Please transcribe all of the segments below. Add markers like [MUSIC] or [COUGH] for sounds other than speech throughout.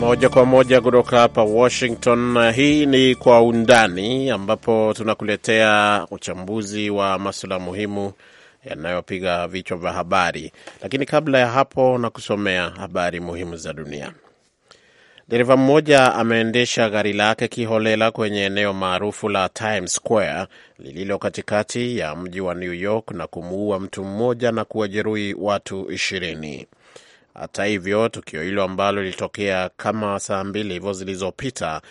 Moja kwa moja kutoka hapa Washington. Hii ni Kwa Undani, ambapo tunakuletea uchambuzi wa masuala muhimu yanayopiga vichwa vya habari. Lakini kabla ya hapo, na kusomea habari muhimu za dunia. Dereva mmoja ameendesha gari lake kiholela kwenye eneo maarufu la Times Square lililo katikati ya mji wa New York na kumuua mtu mmoja na kuwajeruhi watu ishirini. Hata hivyo, tukio hilo ambalo lilitokea kama saa mbili hivyo zilizopita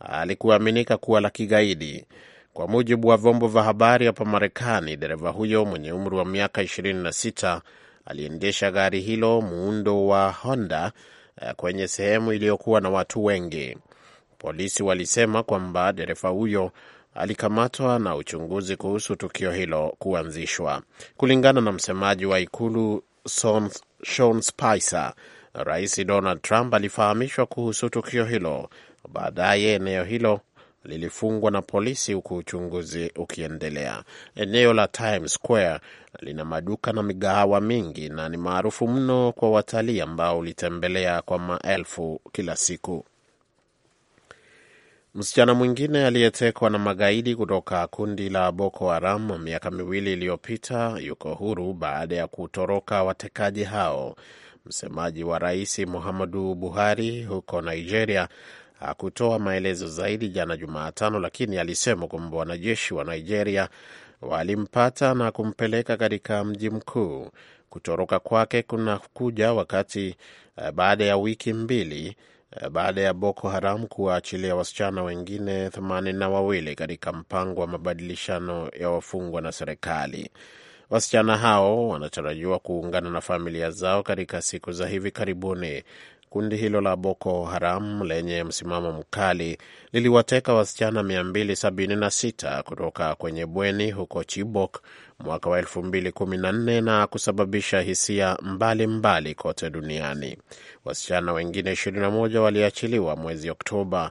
alikuaminika kuwa la kigaidi. Kwa mujibu wa vyombo vya habari hapa Marekani, dereva huyo mwenye umri wa miaka 26 aliendesha gari hilo muundo wa Honda eh, kwenye sehemu iliyokuwa na watu wengi. Polisi walisema kwamba dereva huyo alikamatwa na uchunguzi kuhusu tukio hilo kuanzishwa. Kulingana na msemaji wa ikulu Sean Spicer. Rais Donald Trump alifahamishwa kuhusu tukio hilo. Baadaye eneo hilo lilifungwa na polisi huku uchunguzi ukiendelea. Eneo la Times Square lina maduka na migahawa mingi na ni maarufu mno kwa watalii ambao ulitembelea kwa maelfu kila siku. Msichana mwingine aliyetekwa na magaidi kutoka kundi la Boko Haram miaka miwili iliyopita yuko huru baada ya kutoroka watekaji hao. Msemaji wa rais Muhammadu Buhari huko Nigeria hakutoa maelezo zaidi jana Jumatano, lakini alisema kwamba wanajeshi wa Nigeria walimpata na kumpeleka katika mji mkuu. Kutoroka kwake kunakuja wakati eh, baada ya wiki mbili Eh, baada ya Boko Haram kuwaachilia wasichana wengine themanini na wawili katika mpango wa mabadilishano ya wafungwa na serikali. Wasichana hao wanatarajiwa kuungana na familia zao katika siku za hivi karibuni Kundi hilo la Boko Haram lenye msimamo mkali liliwateka wasichana 276 kutoka kwenye bweni huko Chibok mwaka wa 2014 na kusababisha hisia mbalimbali mbali kote duniani. Wasichana wengine 21 waliachiliwa mwezi Oktoba,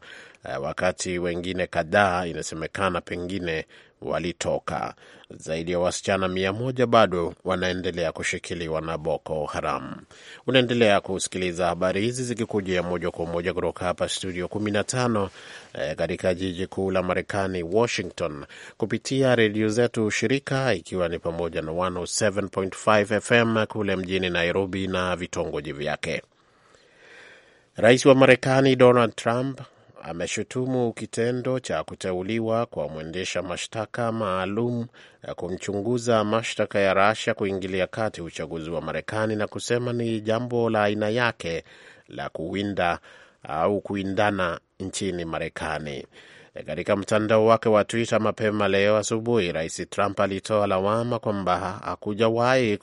eh, wakati wengine kadhaa inasemekana pengine walitoka. Zaidi ya wasichana mia moja bado wanaendelea kushikiliwa na Boko Haram. Unaendelea kusikiliza habari hizi zikikujia moja kwa moja kutoka hapa studio 15 e, eh, katika jiji kuu la Marekani, Washington, kupitia redio zetu shirika, ikiwa ni pamoja na 107.5 FM kule mjini Nairobi na vitongoji vyake. Rais wa Marekani Donald Trump ameshutumu kitendo cha kuteuliwa kwa mwendesha mashtaka maalum ya eh, kumchunguza mashtaka ya Russia kuingilia kati uchaguzi wa Marekani na kusema ni jambo la aina yake la kuwinda au kuindana nchini Marekani. Eh, katika mtandao wake wa Twitter mapema leo asubuhi, Rais Trump alitoa lawama kwamba hakujawahi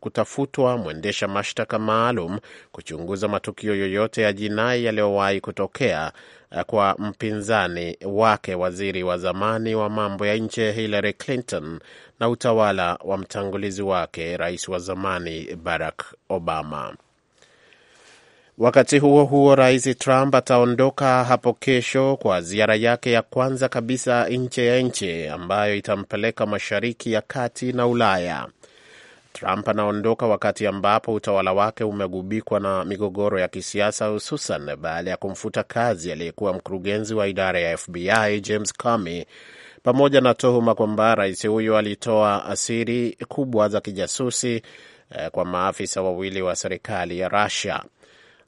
kutafutwa mwendesha mashtaka maalum kuchunguza matukio yoyote ya jinai yaliyowahi kutokea eh, kwa mpinzani wake, waziri wa zamani wa mambo ya nje Hillary Clinton na utawala wa mtangulizi wake, rais wa zamani Barack Obama. Wakati huo huo, rais Trump ataondoka hapo kesho kwa ziara yake ya kwanza kabisa nje ya nchi ambayo itampeleka mashariki ya kati na Ulaya. Trump anaondoka wakati ambapo utawala wake umegubikwa na migogoro ya kisiasa, hususan baada ya kumfuta kazi aliyekuwa mkurugenzi wa idara ya FBI James Comey, pamoja na tuhuma kwamba rais huyo alitoa asiri kubwa za kijasusi eh, kwa maafisa wawili wa serikali ya Russia.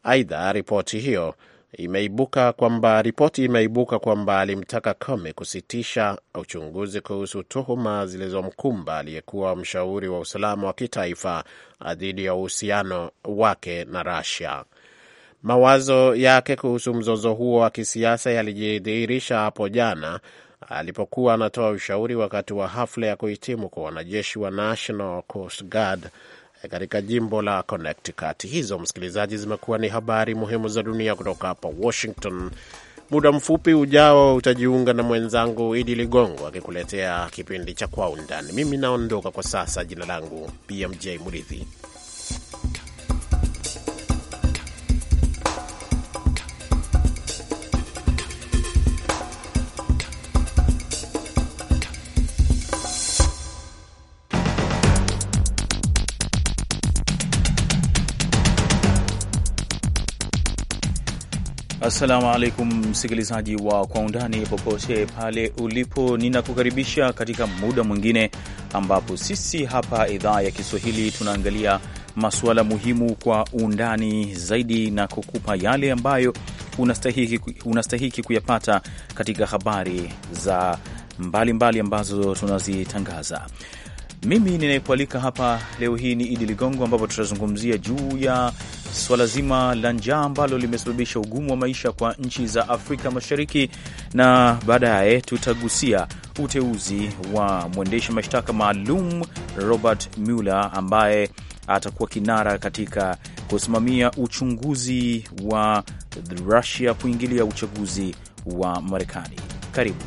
Aidha, ripoti hiyo imeibuka kwamba ripoti imeibuka kwamba alimtaka Kome kusitisha uchunguzi kuhusu tuhuma zilizomkumba aliyekuwa mshauri wa usalama wa kitaifa ah, dhidi ya uhusiano wake na Russia. Mawazo yake kuhusu mzozo huo wa kisiasa yalijidhihirisha hapo jana ah, alipokuwa anatoa ushauri wakati wa hafla ya kuhitimu kwa wanajeshi wa National Coast Guard katika jimbo la Connecticut. Hizo msikilizaji, zimekuwa ni habari muhimu za dunia kutoka hapa Washington. Muda mfupi ujao utajiunga na mwenzangu Idi Ligongo akikuletea kipindi cha Kwa Undani. Mimi naondoka kwa sasa. Jina langu BMJ Muridhi. Assalamu alaikum msikilizaji wa Kwa Undani, popote pale ulipo, ninakukaribisha katika muda mwingine ambapo sisi hapa idhaa ya Kiswahili tunaangalia masuala muhimu kwa undani zaidi na kukupa yale ambayo unastahiki, unastahiki kuyapata katika habari za mbalimbali mbali ambazo tunazitangaza. Mimi ninayekualika hapa leo hii ni Idi Ligongo, ambapo tutazungumzia juu ya swala zima la njaa ambalo limesababisha ugumu wa maisha kwa nchi za Afrika Mashariki, na baadaye tutagusia uteuzi wa mwendesha mashtaka maalum Robert Mueller ambaye atakuwa kinara katika kusimamia uchunguzi wa Russia kuingilia uchaguzi wa Marekani. Karibu.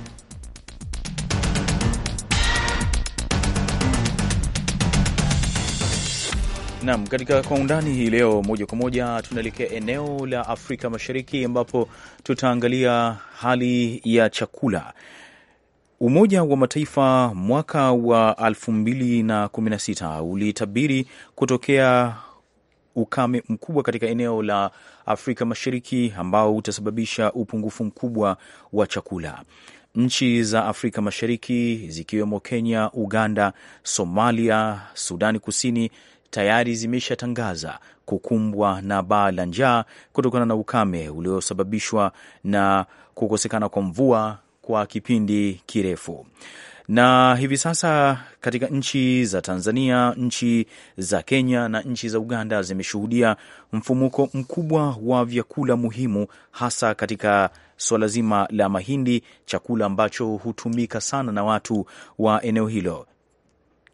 Naam, katika kwa undani hii leo, moja kwa moja tunaelekea eneo la Afrika Mashariki ambapo tutaangalia hali ya chakula. Umoja wa Mataifa mwaka wa 2016 ulitabiri kutokea ukame mkubwa katika eneo la Afrika Mashariki ambao utasababisha upungufu mkubwa wa chakula. Nchi za Afrika Mashariki zikiwemo Kenya, Uganda, Somalia, Sudani Kusini tayari zimeshatangaza kukumbwa na baa la njaa kutokana na ukame uliosababishwa na kukosekana kwa mvua kwa kipindi kirefu na hivi sasa katika nchi za Tanzania, nchi za Kenya na nchi za Uganda zimeshuhudia mfumuko mkubwa wa vyakula muhimu, hasa katika suala zima la mahindi, chakula ambacho hutumika sana na watu wa eneo hilo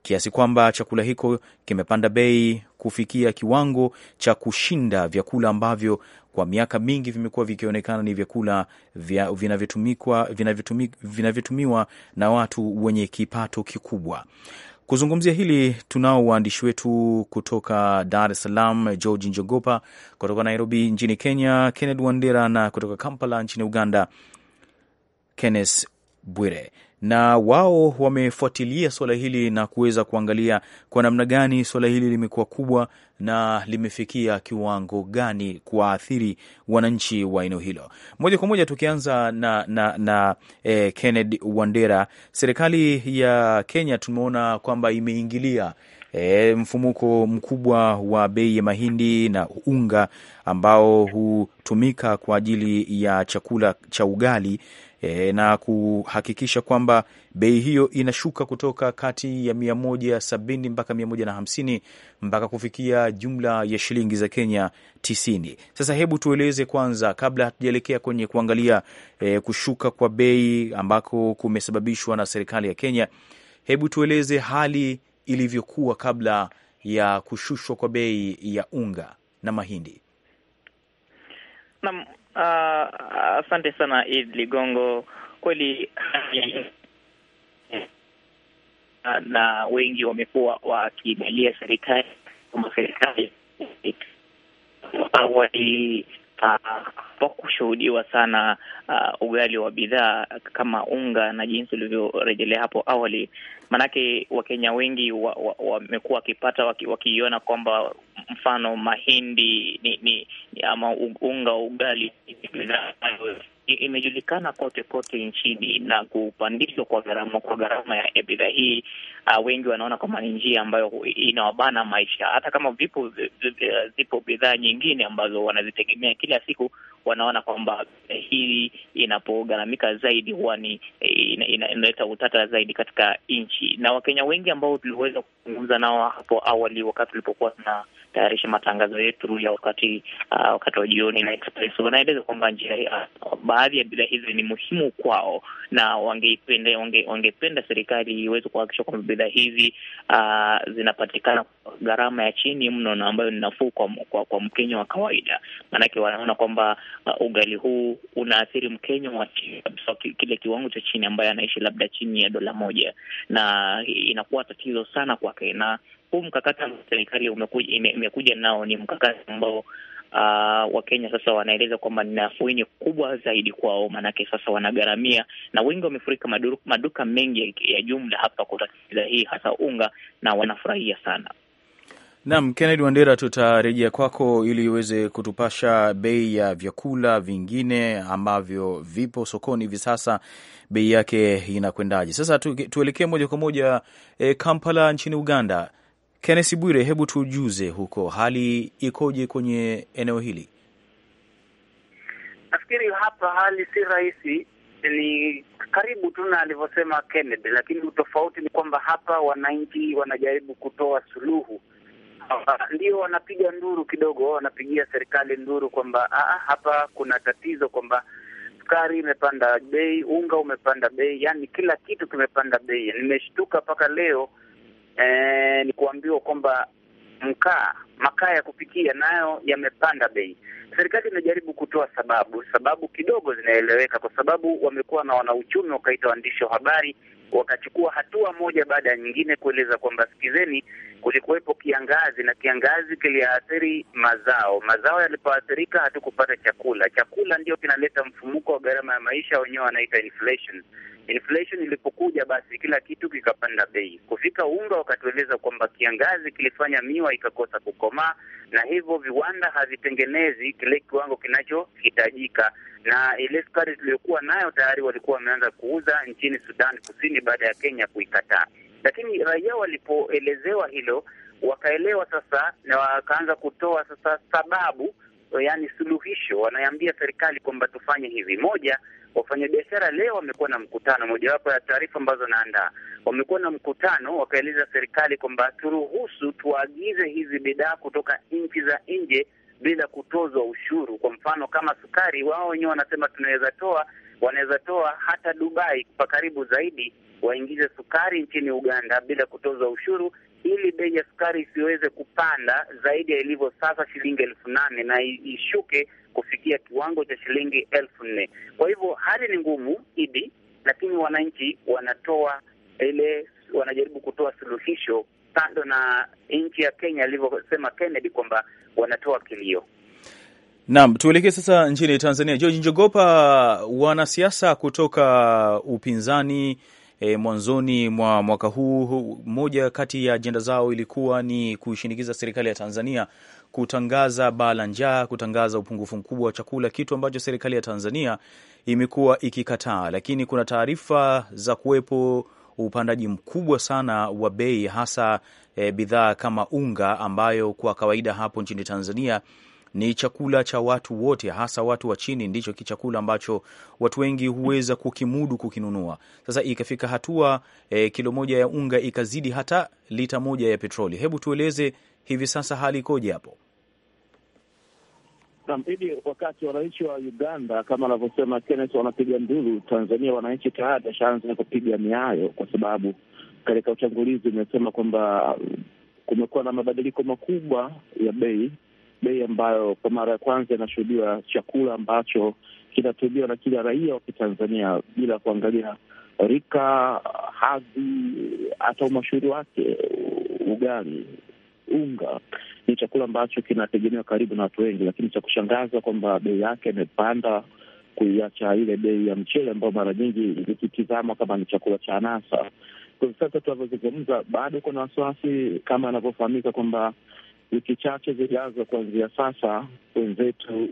kiasi kwamba chakula hiko kimepanda bei kufikia kiwango cha kushinda vyakula ambavyo kwa miaka mingi vimekuwa vikionekana ni vyakula vinavyotumiwa vina na watu wenye kipato kikubwa. Kuzungumzia hili tunao waandishi wetu kutoka Dar es Salaam, George Njogopa, kutoka Nairobi nchini Kenya, Kenneth Wandera, na kutoka Kampala nchini Uganda, Kenneth Bwire na wao wamefuatilia suala hili na kuweza kuangalia kwa namna gani suala hili limekuwa kubwa na limefikia kiwango gani kuwaathiri wananchi wa eneo hilo. Moja kwa moja tukianza na, na, na eh, Kenneth Wandera, serikali ya Kenya tumeona kwamba imeingilia E, mfumuko mkubwa wa bei ya mahindi na unga ambao hutumika kwa ajili ya chakula cha ugali e, na kuhakikisha kwamba bei hiyo inashuka kutoka kati ya mia moja sabini mpaka mia moja na hamsini mpaka kufikia jumla ya shilingi za Kenya tisini. Sasa hebu tueleze kwanza, kabla hatujaelekea kwenye kuangalia e, kushuka kwa bei ambako kumesababishwa na serikali ya Kenya, hebu tueleze hali ilivyokuwa kabla ya kushushwa kwa bei ya unga na mahindi. Naam, Ah, asante uh, sana Id Ligongo, kweli [CLEARS THROAT] na wengi wamekuwa wakiigalia serikali kama serikali awali ah, uh, sana uh, ugali wa bidhaa kama unga na jinsi ulivyorejelea hapo awali. Maanake Wakenya wengi wamekuwa wa, wa wakipata wakiiona waki kwamba mfano mahindi ni, ni, ama unga ugali imejulikana kote kote nchini na kupandishwa kwa gharama kwa gharama ya bidhaa hii. Uh, wengi wanaona kwamba ni njia ambayo inawabana maisha, hata kama vipo zipo bidhaa nyingine ambazo wanazitegemea kila siku, wanaona kwamba hii inapogharamika zaidi huwa ni inaleta utata zaidi katika nchi. Na Wakenya wengi ambao tuliweza kuzungumza nao hapo awali wakati tulipokuwa na tayarisha matangazo yetu ya wakati uh, wakati wa jioni na Express. Wanaeleza kwamba njia uh, baadhi ya bidhaa hizi ni muhimu kwao na wangependa wange, wangependa serikali iweze kuhakikisha kwamba bidhaa hizi uh, zinapatikana gharama ya chini mno na ambayo ni nafuu kwa, kwa, kwa Mkenya wa kawaida. Maanake wanaona kwamba uh, ugali huu unaathiri Mkenya wa chini kabisa, kile kiwango cha chini ambaye anaishi labda chini ya dola moja, na inakuwa tatizo sana kwake. Na huu mkakati ambao serikali imekuja nao ni mkakati ambao Uh, Wakenya sasa wanaeleza kwamba ni afueni kubwa zaidi kwao, maanake sasa wanagharamia, na wengi wamefurika maduka mengi ya jumla hapa kutatiza hii hasa unga, na wanafurahia sana. Naam, Kennedy Wandera, tutarejea kwako ili uweze kutupasha bei ya vyakula vingine ambavyo vipo sokoni hivi sasa, bei yake inakwendaje? Sasa tu, tuelekee moja kwa moja e, Kampala nchini Uganda. Kennesi Bwire, hebu tujuze huko hali ikoje kwenye eneo hili? Nafikiri hapa hali si rahisi, ni karibu tu na alivyosema Kennedy, lakini utofauti ni kwamba hapa wananchi wanajaribu kutoa suluhu ndio wanapiga nduru kidogo, wanapigia serikali nduru kwamba ah, ah, hapa kuna tatizo, kwamba sukari imepanda bei, unga umepanda bei, yani kila kitu kimepanda bei. Nimeshtuka mpaka leo eh, ni kuambiwa kwamba mkaa, makaa ya kupikia nayo yamepanda bei. Serikali inajaribu kutoa sababu, sababu kidogo zinaeleweka, kwa sababu wamekuwa na wanauchumi wakaita waandishi wa habari wakachukua hatua moja baada ya nyingine kueleza kwamba sikizeni, kulikuwepo kiangazi na kiangazi kiliathiri mazao. Mazao yalipoathirika, hatukupata chakula. Chakula ndio kinaleta mfumuko wa gharama ya maisha, wenyewe wanaita inflation. Inflation ilipokuja, basi kila kitu kikapanda bei. Kufika unga, wakatueleza kwamba kiangazi kilifanya miwa ikakosa kukomaa, na hivyo viwanda havitengenezi kile kiwango kinachohitajika, na ile sukari tuliyokuwa nayo tayari walikuwa wameanza kuuza nchini Sudan Kusini baada ya Kenya kuikataa. Lakini raia walipoelezewa hilo, wakaelewa sasa, na wakaanza kutoa sasa sababu, yaani suluhisho. wanayambia serikali kwamba tufanye hivi: moja Wafanyabiashara leo wamekuwa na mkutano, mojawapo ya taarifa ambazo naandaa, wamekuwa na mkutano wakaeleza serikali kwamba turuhusu tuagize hizi bidhaa kutoka nchi za nje bila kutozwa ushuru. Kwa mfano kama sukari, wao wenyewe wanasema tunaweza toa, wanaweza toa hata Dubai, kwa karibu zaidi waingize sukari nchini Uganda bila kutozwa ushuru, ili bei ya sukari isiweze kupanda zaidi ya ilivyo sasa, shilingi elfu nane na ishuke kufikia kiwango cha shilingi elfu nne. Kwa hivyo hali ni ngumu idi, lakini wananchi wanatoa ile, wanajaribu kutoa suluhisho, kando na nchi ya Kenya alivyosema Kennedy kwamba wanatoa kilio. nam tuelekee sasa nchini Tanzania. George Njogopa, wanasiasa kutoka upinzani e, mwanzoni mwa mwaka huu, moja kati ya ajenda zao ilikuwa ni kuishinikiza serikali ya Tanzania kutangaza baa la njaa, kutangaza upungufu mkubwa wa chakula, kitu ambacho serikali ya Tanzania imekuwa ikikataa. Lakini kuna taarifa za kuwepo upandaji mkubwa sana wa bei, hasa e, bidhaa kama unga ambayo kwa kawaida hapo nchini Tanzania ni chakula cha watu wote, hasa watu wa chini, ndicho kichakula ambacho watu wengi huweza kukimudu kukinunua. Sasa ikafika hatua e, kilo moja ya unga ikazidi hata lita moja ya petroli. Hebu tueleze hivi sasa hali ikoje hapo? Nampidi, wakati wananchi wa Uganda kama anavyosema Kenneth wanapiga nduru, Tanzania wananchi tayari washaanza kupiga miayo, kwa sababu katika uchangulizi umesema kwamba kumekuwa na mabadiliko makubwa ya bei bei ambayo kwa mara ya kwanza inashuhudiwa chakula ambacho kinatumiwa na kila raia wa Kitanzania bila kuangalia rika, hadhi, hata umashuhuri wake. Ugali, unga ni chakula ambacho kinategemewa karibu na watu wengi, lakini cha kushangaza kwamba bei yake imepanda kuiacha ile bei ya mchele ambayo mara nyingi ikitizama kama ni chakula cha anasa. Kwa sasa tunavyozungumza, bado kuna wasiwasi kama anavyofahamika kwamba wiki chache zijazo kuanzia sasa, wenzetu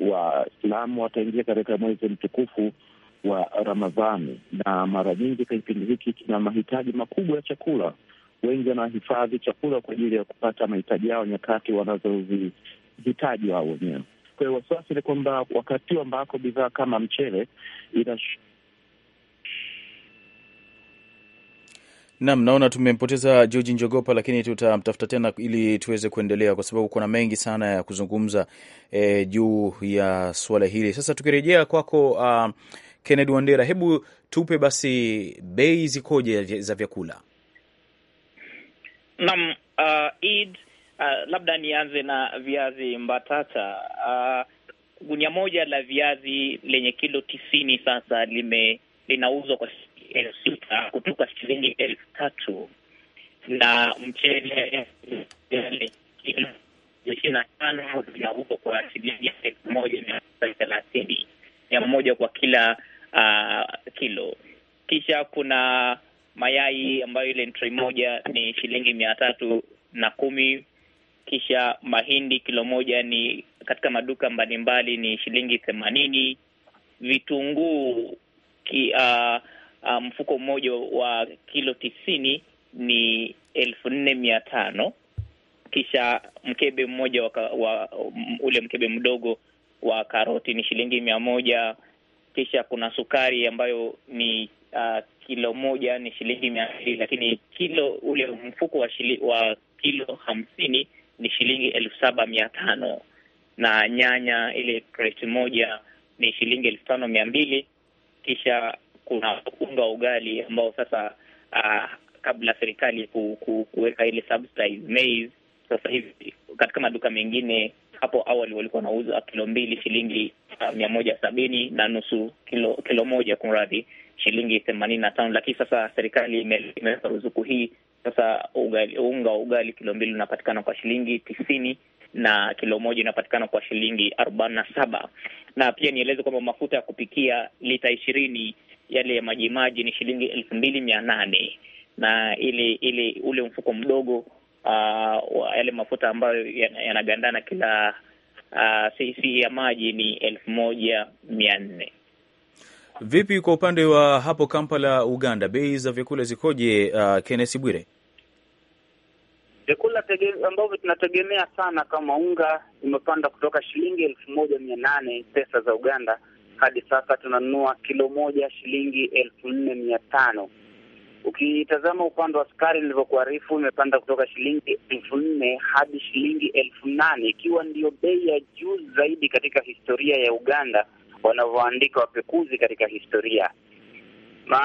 Waislamu wataingia katika mwezi mtukufu wa Ramadhani, na mara nyingi kipindi hiki kina mahitaji makubwa ya chakula. Wengi wanahifadhi chakula kwa ajili ya kupata mahitaji yao nyakati wanazozihitaji wao wenyewe. Kwa hiyo wasiwasi ni kwamba wakati huu ambako bidhaa kama mchele Nam, naona tumempoteza George Njogopa, lakini tutamtafuta tena ili tuweze kuendelea, kwa sababu kuna mengi sana ya kuzungumza e, juu ya suala hili. Sasa tukirejea kwako, uh, Kennedy Wandera, hebu tupe basi bei zikoje za vyakula. Nam uh, Eid, uh, labda nianze na viazi mbatata. Uh, gunia moja la viazi lenye kilo tisini sasa lime- linauzwa kwa elfu sita kutoka shilingi elfu tatu na mchele ishirini na tano zinauzwa kwa shilingi elfu moja mia tisa thelathini mia moja kwa kila uh, kilo. Kisha kuna mayai ambayo ile trei moja ni shilingi mia tatu na kumi. Kisha mahindi kilo moja ni katika maduka mbalimbali ni shilingi themanini. Vitunguu ki, uh, Ah, mfuko mmoja wa kilo tisini ni elfu nne mia tano kisha mkebe mmoja wa, wa ule mkebe mdogo wa karoti ni shilingi mia moja kisha kuna sukari ambayo ni uh, kilo moja ni shilingi mia mbili lakini kilo ule mfuko wa, shili, wa kilo hamsini ni shilingi elfu saba mia tano na nyanya ile kreti moja ni shilingi elfu tano mia mbili kisha kuna unga wa ugali ambao sasa uh, kabla serikali ku, ku, kuweka ile subsidized maize, sasa hivi katika maduka mengine hapo awali walikuwa wanauza kilo mbili shilingi uh, mia moja sabini na nusu kilo kilo moja kumradhi, shilingi themanini na tano lakini sasa serikali imeweka ruzuku hii sasa ugali, unga wa ugali kilo mbili unapatikana kwa shilingi tisini na kilo moja inapatikana kwa shilingi arobaini na saba na pia nieleze kwamba mafuta ya kupikia lita ishirini yale ya majimaji ni shilingi elfu mbili mia nane na ili ili ule mfuko mdogo uh, yale mafuta ambayo yanagandana ya kila uh, cc ya maji ni elfu moja mia nne. Vipi kwa upande wa hapo Kampala, Uganda, bei za vyakula zikoje? Uh, Kenneth Bwire, vyakula ambavyo tunategemea sana kama unga imepanda kutoka shilingi elfu moja mia nane pesa za Uganda hadi sasa tunanunua kilo moja shilingi elfu nne mia tano. Ukitazama upande wa sukari, nilivyokuarifu, imepanda kutoka shilingi elfu nne hadi shilingi elfu nane ikiwa ndiyo bei ya juu zaidi katika historia ya Uganda wanavyoandika wapekuzi katika historia. Ma,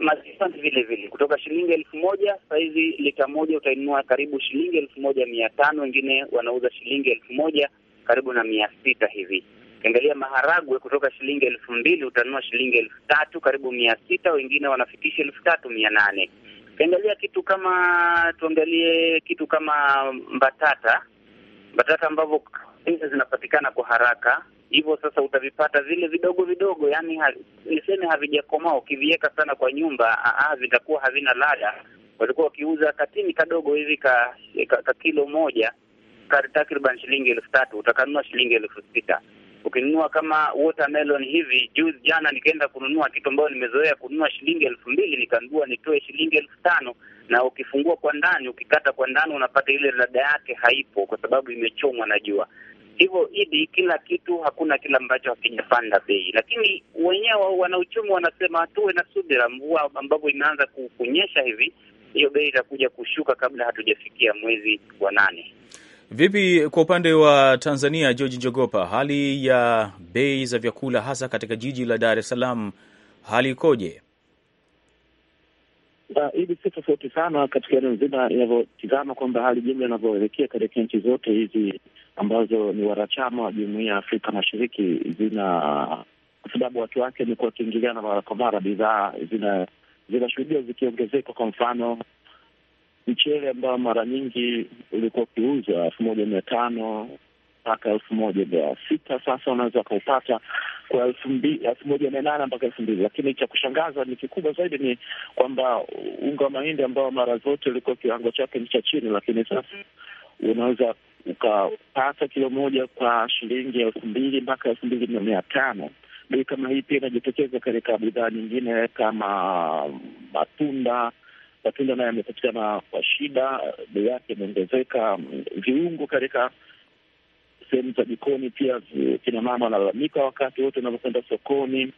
maziwa vile vile kutoka shilingi elfu moja sahizi lita moja utainunua karibu shilingi elfu moja mia tano wengine wanauza shilingi elfu moja karibu na mia sita hivi. Ukiangalia maharagwe kutoka shilingi elfu mbili utanunua shilingi elfu tatu karibu mia sita wengine wanafikisha elfu tatu mia nane Ukiangalia kitu kama tuangalie kitu kama mbatata, mbatata ambavyo pesa zinapatikana kwa haraka hivyo sasa utavipata vile vidogo vidogo, yani ha, niseme havijakomaa. Ukiviweka sana kwa nyumba vitakuwa havina lada Walikuwa wakiuza katini kadogo hivi ka, ka, ka kilo moja takriban shilingi elfu tatu utakanua shilingi elfu sita Ukinunua kama watermelon hivi, juzi jana nikaenda kununua kitu ambayo nimezoea kununua shilingi elfu mbili nikaambiwa nitoe shilingi elfu tano na ukifungua kwa ndani, ukikata kwa ndani, unapata ile ladha yake haipo, kwa sababu imechomwa na jua. Hivyo idi, kila kitu hakuna kile ambacho hakijapanda bei, lakini wenyewe wanauchumi wanasema tuwe na subira, mvua ambavyo imeanza kunyesha hivi, hiyo bei itakuja kushuka kabla hatujafikia mwezi wa nane. Vipi kwa upande wa Tanzania, George Njogopa, hali ya bei za vyakula hasa katika jiji la Dar es Salaam hali ikoje? Hivi si tofauti sana katika eneo nzima inavyotizama kwamba hali jumla inavyoelekea katika nchi zote hizi ambazo ni wanachama wa jumuia ya Afrika Mashariki zina kwa sababu watu wake wamekuwa wakiingiliana mara kwa mara, bidhaa zinashuhudia zikiongezeka. Kwa mfano mchele ambao mara nyingi ulikuwa ukiuzwa elfu moja mia tano mpaka elfu moja mia sita sasa unaweza ukaupata kwa elfu elfu moja mia nane mpaka elfu mbili Lakini cha kushangaza ni kikubwa zaidi ni kwamba unga wa mahindi ambao mara zote ulikuwa kiwango chake ni cha chini, lakini sasa unaweza ukapata kilo moja kwa shilingi elfu mbili mpaka elfu mbili na mia tano. Bei kama hii pia inajitokeza katika bidhaa nyingine kama matunda matunda naye yamepatikana kwa shida, bei yake imeongezeka. Viungo katika sehemu za jikoni pia, kina mama wanalalamika wakati wote unavyokwenda sokoni,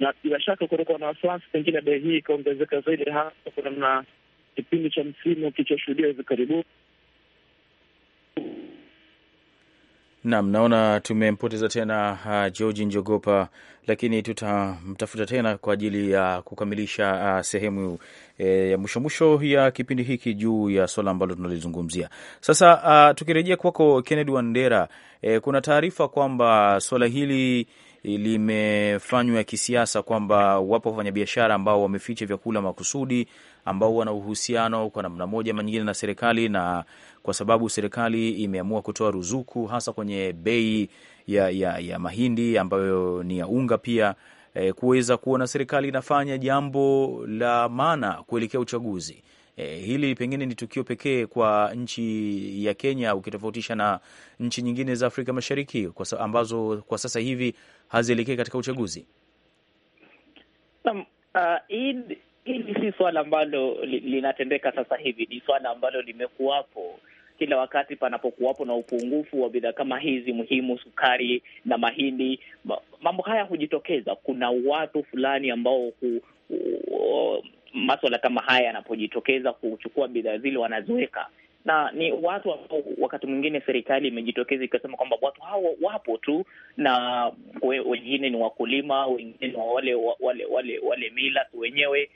na bila shaka kutakuwa na wasiwasi, pengine bei hii ikaongezeka zaidi, hasa kutokana na kipindi cha msimu kilichoshuhudia hivi karibuni Naam, naona tumempoteza tena uh, George Njogopa, lakini tutamtafuta tena kwa ajili ya uh, kukamilisha uh, sehemu e, ya mwisho mwisho ya kipindi hiki juu ya swala ambalo tunalizungumzia sasa. Uh, tukirejea kwako Kennedy Wandera, uh, kuna taarifa kwamba swala hili limefanywa kisiasa, kwamba wapo wafanyabiashara ambao wameficha vyakula makusudi, ambao wana uhusiano kwa namna moja ama nyingine na serikali, na kwa sababu serikali imeamua kutoa ruzuku hasa kwenye bei ya, ya, ya mahindi ambayo ni ya unga pia e, kuweza kuona serikali inafanya jambo la maana kuelekea uchaguzi. E, hili pengine ni tukio pekee kwa nchi ya Kenya ukitofautisha na nchi nyingine za Afrika Mashariki kwa ambazo kwa sasa hivi hazielekei katika uchaguzi. Uh, hili uh, si swala ambalo linatendeka li sasa hivi, ni swala ambalo limekuwapo kila wakati panapokuwapo na upungufu wa bidhaa kama hizi muhimu, sukari na mahindi, mambo haya hujitokeza. Kuna watu fulani ambao ku, hu, hu, maswala kama haya yanapojitokeza kuchukua bidhaa zile wanaziweka, na ni watu ambao wakati mwingine serikali imejitokeza ikasema kwamba watu hao wapo tu, na wengine ni wakulima, wengine ni wale wale wale wale mila wenyewe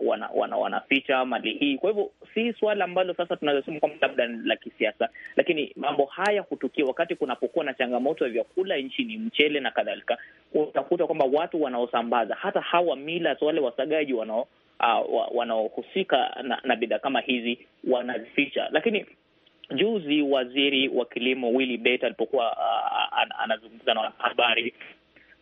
wanaficha wana, wana mali hii. Kwa hivyo si suala ambalo sasa tunazosema kwamba labda la kisiasa, lakini mambo haya hutukia wakati kunapokuwa na changamoto ya vyakula nchini, mchele na kadhalika. Utakuta kwamba watu wanaosambaza hata hawa mila wale wasagaji wanao uh, wanaohusika na, na bidhaa kama hizi wanazificha, lakini Juzi waziri wa kilimo Willy Bet alipokuwa uh, anazungumza na wanahabari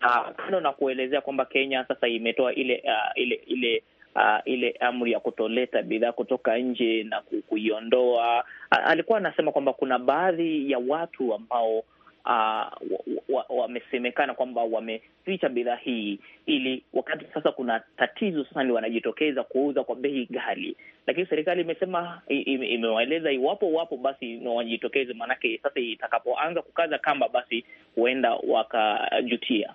ah, kando uh, na kuelezea kwamba Kenya sasa imetoa ile uh, ile ile uh, ile amri ya kutoleta bidhaa kutoka nje na kuiondoa. Uh, alikuwa anasema kwamba kuna baadhi ya watu ambao wamesemekana uh, wa, wa, kwamba wameficha bidhaa hii, ili wakati sasa kuna tatizo sasa, ni wanajitokeza kuuza kwa bei ghali, lakini serikali imesema imewaeleza iwapo wapo basi na wajitokeze, maanake sasa itakapoanza kukaza kamba, basi huenda wakajutia.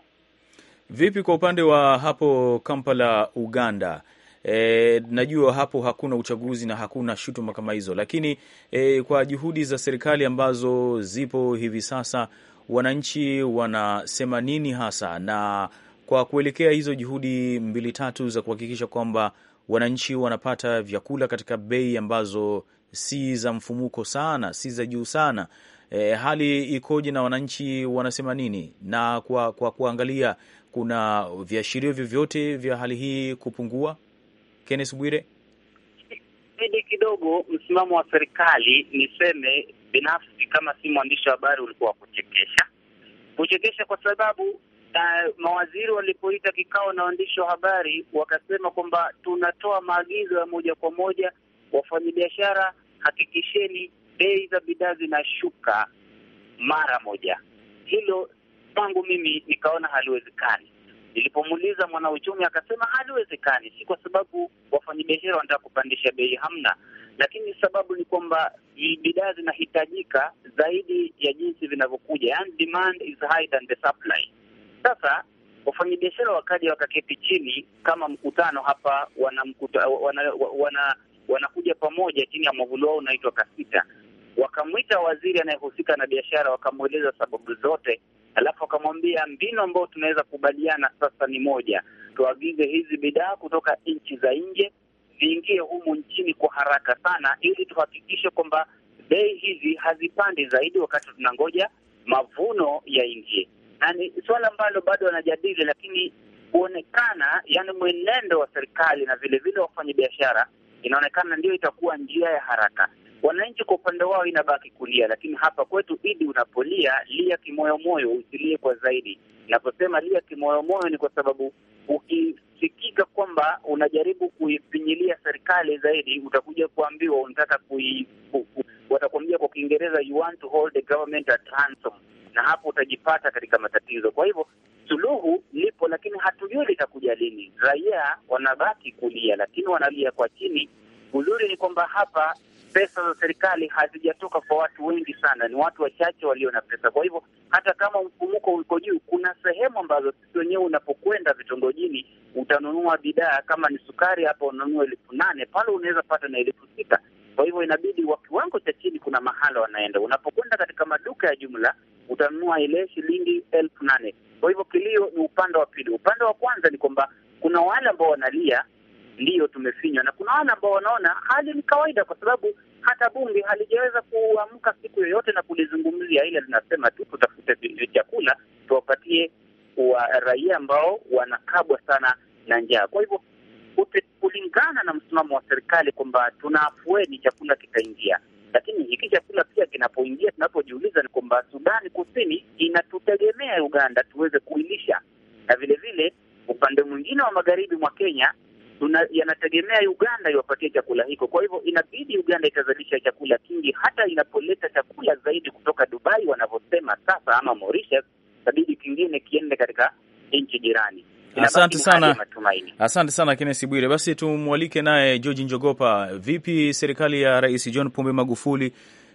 Vipi kwa upande wa hapo Kampala, Uganda? E, najua hapo hakuna uchaguzi na hakuna shutuma kama hizo, lakini e, kwa juhudi za serikali ambazo zipo hivi sasa, wananchi wanasema nini hasa, na kwa kuelekea hizo juhudi mbili tatu za kuhakikisha kwamba wananchi wanapata vyakula katika bei ambazo si za mfumuko sana, si za juu sana. E, hali ikoje na wananchi wanasema nini? Na kwa, kwa kuangalia kuna viashirio vyovyote vya hali hii kupungua? Kenneth Bwire? Idi kidogo, msimamo wa serikali niseme binafsi, kama si mwandishi wa habari, ulikuwa wa kuchekesha, kuchekesha kwa sababu Uh, mawaziri walipoita kikao na waandishi wa habari wakasema kwamba tunatoa maagizo ya moja kwa moja, wafanyabiashara, hakikisheni bei za bidhaa zinashuka mara moja. Hilo kwangu mimi nikaona haliwezekani. Nilipomuuliza mwanauchumi akasema haliwezekani, si kwa sababu wafanyabiashara wanataka kupandisha bei, hamna, lakini sababu ni kwamba bidhaa zinahitajika zaidi ya jinsi vinavyokuja, yani demand is higher than the supply. Sasa wafanyabiashara wakaja wakaketi chini kama mkutano hapa, wana wana, wana, wana pamoja chini ya mwavuli wao unaitwa Kasita. Wakamwita waziri anayehusika na biashara, wakamweleza sababu zote alafu akamwambia mbinu ambayo tunaweza kubaliana sasa ni moja, tuagize hizi bidhaa kutoka nchi za nje ziingie humu nchini kwa haraka sana, ili tuhakikishe kwamba bei hizi hazipandi zaidi wakati tunangoja mavuno yaingie. Na ni suala ambalo bado wanajadili, lakini kuonekana, yani mwenendo wa serikali na vilevile wafanyabiashara, inaonekana ndio itakuwa njia ya haraka. Wananchi kwa upande wao inabaki kulia, lakini hapa kwetu Idi, unapolia lia kimoyomoyo, usilie kwa zaidi. Naposema lia kimoyomoyo ni kwa sababu ukisikika kwamba unajaribu kuipinyilia serikali zaidi, utakuja kuambiwa unataka kui, ku, ku, watakuambia kwa Kiingereza you want to hold the government at ransom, na hapo utajipata katika matatizo. Kwa hivyo suluhu lipo, lakini hatujui litakuja lini. Raia wanabaki kulia, lakini wanalia kwa chini. Uzuri ni kwamba hapa pesa za serikali hazijatoka kwa watu wengi sana, ni watu wachache walio na pesa. Kwa hivyo hata kama mfumuko uko juu, kuna sehemu ambazo sisi wenyewe unapokwenda vitongojini utanunua bidhaa kama ni sukari, hapa unanunua elfu nane pale unaweza pata na elfu sita Kwa hivyo inabidi wa kiwango cha chini, kuna mahala wanaenda. Unapokwenda katika maduka ya jumla utanunua ile shilingi elfu nane Kwa hivyo kilio ni upande wa pili. Upande wa kwanza ni kwamba kuna wale ambao wanalia ndiyo tumefinywa, na kuna wale ambao wanaona hali ni kawaida, kwa sababu hata bunge halijaweza kuamka siku yoyote na kulizungumzia, ila linasema tu tutafute chakula tuwapatie wa raia ambao wanakabwa sana na njaa. Kwa hivyo kulingana na msimamo wa serikali kwamba tuna afueni, chakula kitaingia, lakini hiki chakula pia kinapoingia, tunapojiuliza ni kwamba Sudani Kusini inatutegemea Uganda tuweze kuilisha, na vilevile upande mwingine wa magharibi mwa Kenya yanategemea Uganda iwapatie chakula hiko. Kwa hivyo inabidi Uganda itazalisha chakula kingi, hata inapoleta chakula zaidi kutoka Dubai wanavyosema sasa, ama Mauritius, inabidi kingine kiende katika nchi jirani. Asante sana, asante sana Kennesi Bwire. Basi tumwalike naye George Njogopa. Vipi serikali ya Rais John Pombe Magufuli,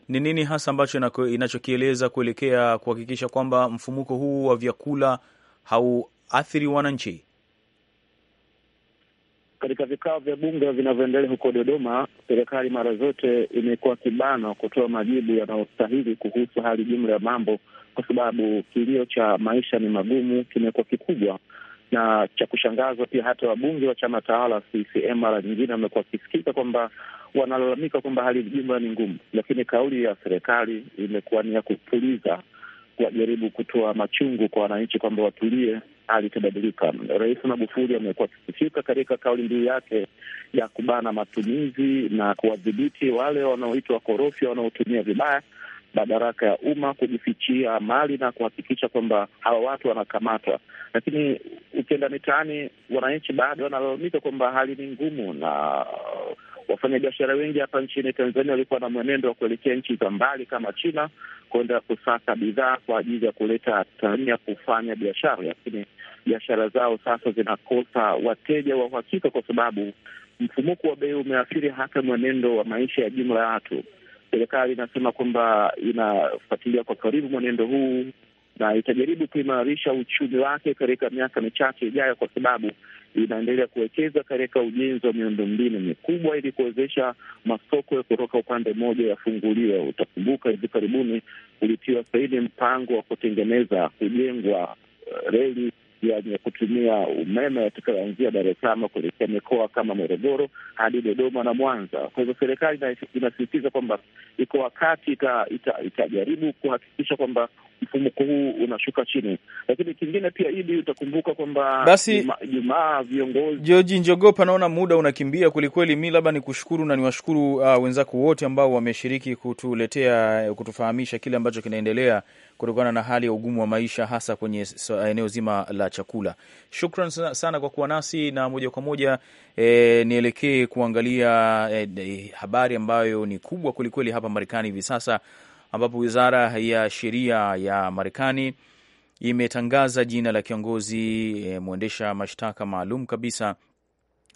ni nini hasa ambacho inachokieleza kuelekea kuhakikisha kwamba mfumuko huu wa vyakula hauathiri wananchi? Katika vikao vya bunge vinavyoendelea huko Dodoma, serikali mara zote imekuwa kibano kutoa majibu yanayostahili kuhusu hali jumla ya mambo, kwa sababu kilio cha maisha ni magumu kimekuwa kikubwa na cha kushangaza pia hata wabunge wa chama tawala CCM mara nyingine wamekuwa wakisikika kwamba wanalalamika kwamba hali jumla ni ngumu, lakini kauli ya serikali imekuwa ni ya kupuliza, kuwajaribu kutoa machungu kwa wananchi kwamba watulie, alichobadilika. Rais Magufuli amekuwa akisifika katika kauli mbiu yake ya kubana matumizi na kuwadhibiti wale wanaoitwa wakorofi, wanaotumia vibaya madaraka ya umma kujifichia mali na kuhakikisha kwamba hawa watu wanakamatwa. Lakini ukienda mitaani, wananchi bado wanalalamika kwamba hali ni ngumu na wafanyabiashara wengi hapa nchini Tanzania walikuwa na mwenendo wa kuelekea nchi za mbali kama China kwenda kusaka bidhaa kwa ajili ya kuleta Tanzania kufanya biashara, lakini biashara zao sasa zinakosa wateja wa uhakika kwa sababu mfumuko wa bei umeathiri hata mwenendo wa maisha ya jumla ya watu. Serikali inasema kwamba inafuatilia kwa karibu mwenendo huu na itajaribu kuimarisha uchumi wake katika miaka michache ijayo, kwa sababu inaendelea kuwekeza katika ujenzi wa miundombinu mikubwa ili kuwezesha masoko kutoka upande mmoja yafunguliwe. Utakumbuka hivi karibuni kulitiwa saini mpango wa kutengeneza kujengwa uh, reli yenye kutumia umeme atakayoanzia Dar es Salaam kuelekea mikoa kama Morogoro hadi Dodoma na Mwanza. Kwa hivyo serikali inasisitiza kwamba iko wakati itajaribu ita, ita kuhakikisha kwamba mfumuko huu unashuka chini. Lakini kingine pia, ili utakumbuka kwamba basi Jumaa viongozi George Njogopa, naona muda unakimbia kwelikweli. Mi labda nikushukuru na niwashukuru uh, wenzako wote ambao wameshiriki kutuletea, kutufahamisha kile ambacho kinaendelea kutokana na hali ya ugumu wa maisha hasa kwenye eneo zima la chakula. Shukran sana kwa kuwa nasi na moja kwa moja e, nielekee kuangalia e, habari ambayo ni kubwa kwelikweli hapa Marekani hivi sasa ambapo wizara ya sheria ya Marekani imetangaza jina la kiongozi e, mwendesha mashtaka maalum kabisa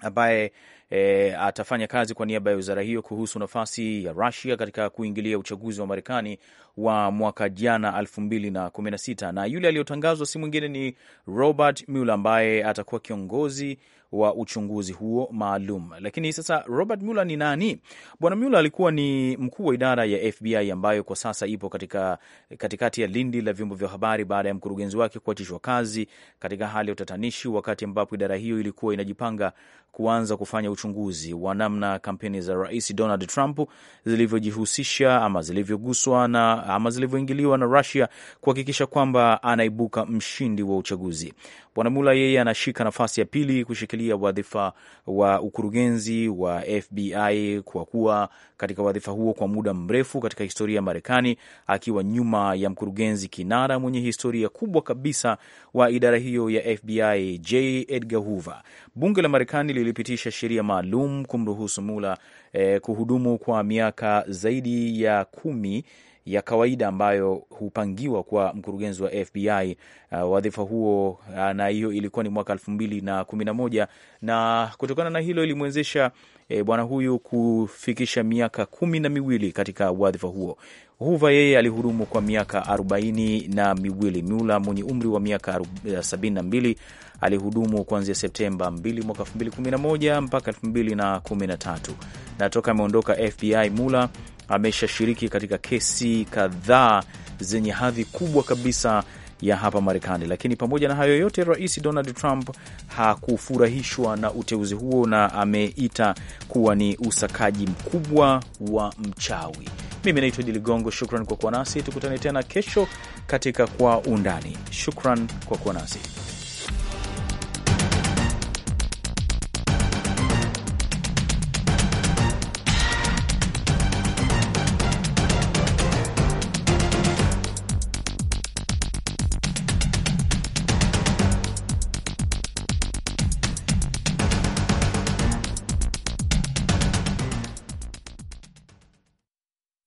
ambaye e, atafanya kazi kwa niaba ya wizara hiyo kuhusu nafasi ya rusia katika kuingilia uchaguzi wa Marekani wa mwaka jana 2016 na, na yule aliyotangazwa si mwingine ni Robert Mueller ambaye atakuwa kiongozi wa uchunguzi huo maalum. Lakini sasa Robert Mueller ni nani? Bwana Mueller alikuwa ni mkuu wa idara ya FBI ambayo kwa sasa ipo katika katikati ya lindi la vyombo vya habari baada ya mkurugenzi wake kuachishwa kazi katika hali ya utatanishi, wakati ambapo idara hiyo ilikuwa inajipanga kuanza kufanya uchunguzi wa namna kampeni za Rais Donald Trump zilivyojihusisha ama zilivyoguswa na ama zilivyoingiliwa na Russia kuhakikisha kwamba anaibuka mshindi wa uchaguzi. Bwana Mula yeye anashika nafasi ya pili kushikilia wadhifa wa ukurugenzi wa FBI kwa kuwa katika wadhifa huo kwa muda mrefu katika historia ya Marekani, akiwa nyuma ya mkurugenzi kinara mwenye historia kubwa kabisa wa idara hiyo ya FBI J. Edgar Hoover. Bunge la Marekani lilipitisha sheria maalum kumruhusu Mula eh, kuhudumu kwa miaka zaidi ya kumi ya kawaida ambayo hupangiwa kwa mkurugenzi wa FBI. Uh, wadhifa huo uh, na hiyo ilikuwa ni mwaka elfu mbili na kumi na moja na kutokana na hilo ilimwezesha eh, bwana huyu kufikisha miaka kumi na miwili katika wadhifa huo. Huva yeye alihudumu kwa miaka arobaini na miwili. Mula mwenye umri wa miaka eh, sabini na mbili alihudumu kuanzia Septemba 2 mwaka 2011 mpaka 2013 na toka ameondoka FBI Mula ameshashiriki katika kesi kadhaa zenye hadhi kubwa kabisa ya hapa Marekani. Lakini pamoja na hayo yote, Rais Donald Trump hakufurahishwa na uteuzi huo na ameita kuwa ni usakaji mkubwa wa mchawi. Mimi naitwa Idi Ligongo, shukran kwa kuwa nasi. Tukutane tena kesho katika Kwa Undani. Shukran kwa kuwa nasi.